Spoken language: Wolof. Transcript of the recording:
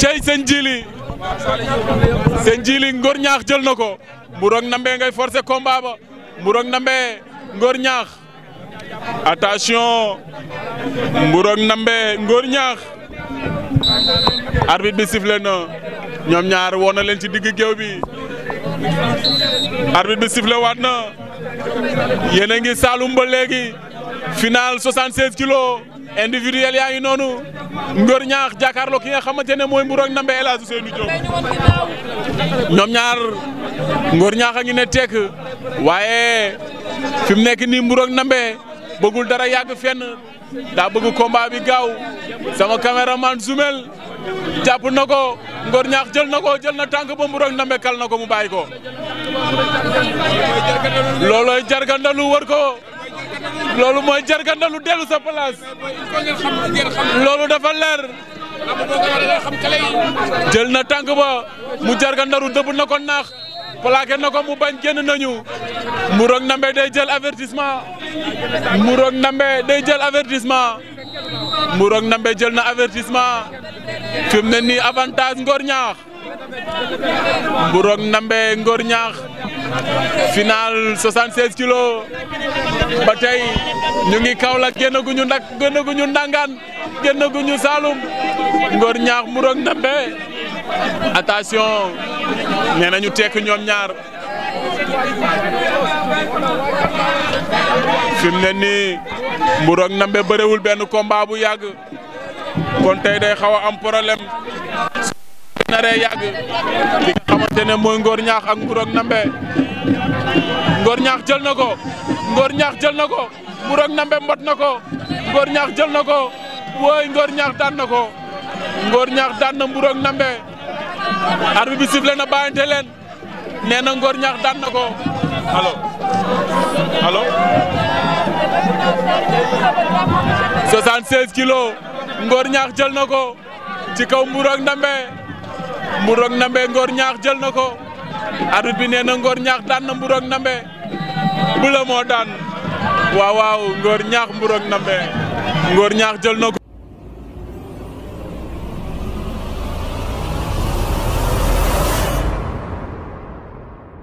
cey sëñ jili sëñ jili ngor ñaax jël na ko mburoog nambe ngay forcer combat ba mburoog nambe ngor ñaax attention mburoog nambe ngor ñaax arbitre bi sifflé na ñoom ñaar woon na leen ci digg géew bi arbitre bi waat na yéen a ngi Saloum ba léegi final 76 kilos individuel yaa ngi noonu ngor ñaax jàkkaarloo ki nga xamante ne mooy Mbour ak Ndambe El Hadj Ousseynou ñaar ngor ñaax ngi ne tekk waaye fi nekk nii Mbour ak Ndambe dara yàgg fen daa bëgg combat gaaw sama caméraman Zoumel jàpp na ko ngor ñaax jël na ko jël na tànk ba Mbour ak na ko mu bàyyi ko loolooy jargandalu wër ko loolu mooy jargandalu dellu sa place loolu dafa leer jël na tànk ba mu jargandaru dëbb na ko naax plaqué na ko mu bañ génn nañu Mburok Ndambe day jël avertissement Mburok Ndambe day jël avertissement Mburok Ndambe jël na avertissement fi mu ne nii avantage Ngor Niakh Mburok Ndambe Ngor Niakh final 76 kilos ba tey ñu ngi Kaolack génnaguñu ndak génnaguñu Ndangaan génnaguñu Saloum Ngor Ñaax Mburok Nambe attention nee nañu tekk ñoom ñaar fi mu ne nii Mburok Nambe bërewul benn combat bu yàgg kon tey day xaw a am problème. naree yàgg li nga xamante ne mooy Ngor Ñaax ak Mburok Nambe jël na ko Ngor Ñaax jël na ko Mburok Nambe mbot na ko Ngor jël na ko wooy Ngor Ñaax na ko Ngor Ñaax daan na Mburok Nambe arbitre bi sifflé na bàyyante leen nee na Ngor Ñaax daan na ko allo allo 76 kilos jël na ko ci kaw Mburok Ndambe Mburok Nambe ngoor Ñaax jël na ko arbitre bi nee na Ngor Ñaax daan na Mburok Nambe bu moo daan waaw waaw Ngor Ñaax Mburok Nambe Ngor Ñaax jël na ko